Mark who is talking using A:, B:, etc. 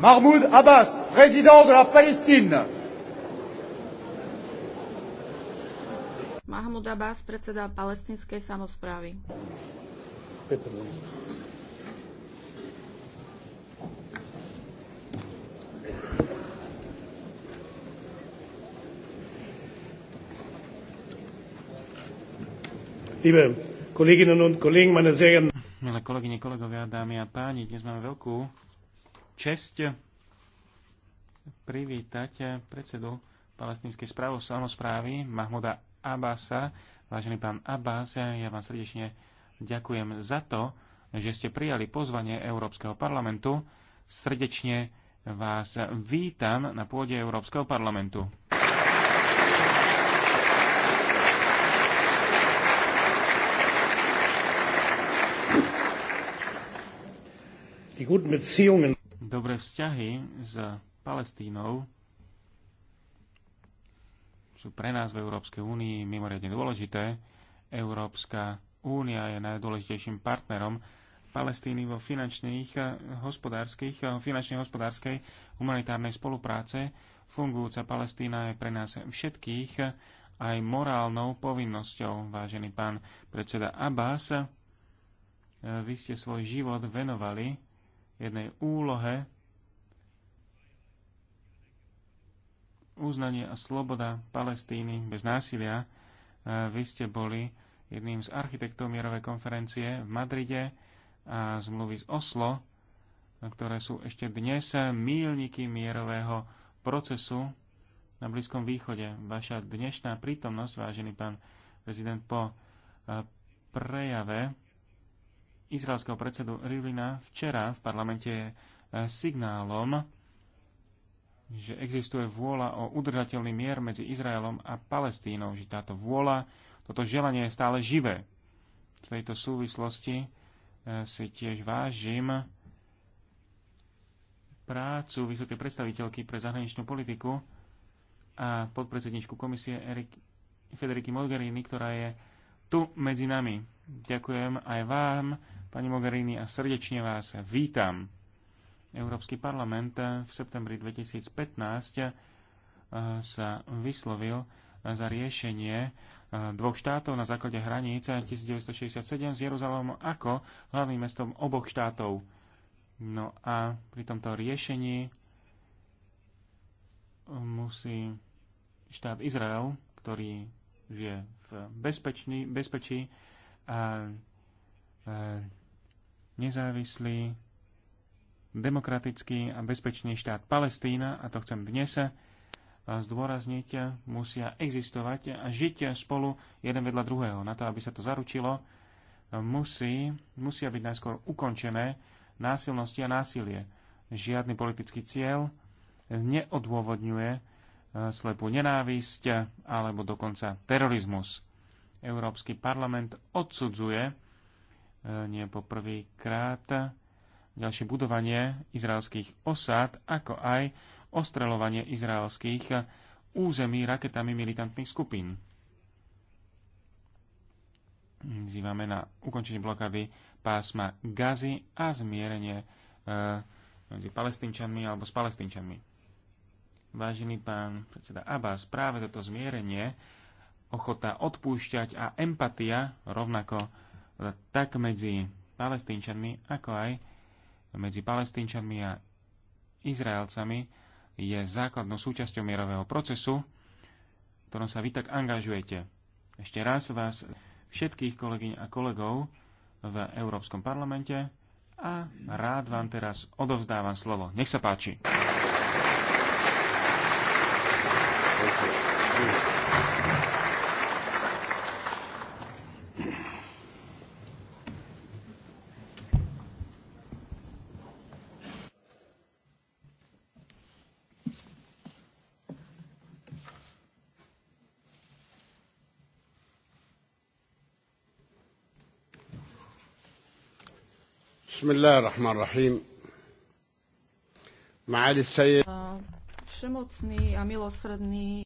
A: Mahmoud Abbas, président de la Palestine. Mahmoud Abbas, predseda palestinskej samozprávy. Liebe Kolleginnen und Kollegen, meine sehr geehrten Milé kolegyne, kolegovia, dámy a páni, dnes máme veľkú čest privítať predsedu palestinskej samozprávy Mahmuda Abasa. Vážený pán Abbas, ja vám srdečne ďakujem za to, že ste prijali pozvanie Európskeho parlamentu. Srdečne vás vítam na pôde Európskeho parlamentu. Die guten Beziehungen dobré vzťahy s Palestínou sú pre nás v Európskej únii mimoriadne dôležité. Európska únia je najdôležitejším partnerom Palestíny vo finančných, eh, hospodárskych, eh, finančnej, hospodárskej, humanitárnej spolupráce. Fungujúca Palestína je pre nás všetkých eh, aj morálnou povinnosťou, vážený pán predseda Abbas. Vy ste svoj život venovali jednej úlohe uznanie a sloboda Palestíny bez násilia. E, vy ste boli jedným z architektov mierovej konferencie v Madride a zmluvy z Oslo, ktoré sú ešte dnes mílniky mierového procesu na Blízkom východe. Vaša dnešná prítomnosť, vážený pán prezident, po e, prejave izraelského predsedu Rivlina včera v parlamente je eh, signálom, že existuje vôľa o udržateľný mier medzi Izraelom a Palestínou, že táto vôľa, toto želanie je stále živé. V tejto súvislosti eh, si tiež vážim prácu vysokej predstaviteľky pre zahraničnú politiku a podpredsedničku komisie Erik, Federiky Mogherini, ktorá je tu medzi nami. Ďakujem aj vám Pani Mogherini, a srdečne vás vítam. Európsky parlament v septembri 2015 eh, sa vyslovil za riešenie eh, dvoch štátov na základe hranice 1967 s Jeruzalémom ako hlavným mestom oboch štátov. No a pri tomto riešení musí štát Izrael, ktorý žije v bezpečný, bezpečí a, a eh, nezávislý, demokratický a bezpečný štát Palestína, a to chcem dnes eh, zdôrazniť, eh, musia existovať a žiť spolu jeden vedľa druhého. Na to, aby sa to zaručilo, eh, musí, musia byť najskôr ukončené násilnosti a násilie. Žiadny politický cieľ neodôvodňuje slepú nenávisť alebo dokonca terorizmus. Európsky parlament odsudzuje nie po krát ďalšie budovanie izraelských osád, ako aj ostreľovanie izraelských území raketami militantných skupín. Zývame na ukončenie blokády pásma Gazy a zmierenie e, medzi palestínčanmi alebo s palestínčanmi. Vážený pán predseda Abbas, práve toto zmierenie, ochota odpúšťať a empatia rovnako tak medzi palestínčanmi, ako aj medzi palestínčanmi a Izraelcami je základnou súčasťou mierového procesu, v ktorom sa vy tak angažujete. Ešte raz vás všetkých kolegyň a kolegov v Európskom parlamente a rád vám teraz odovzdávam slovo. Nech sa páči. Thank you. بسم الله الرحمن الرحيم معالي السيد شموتني a milosrdný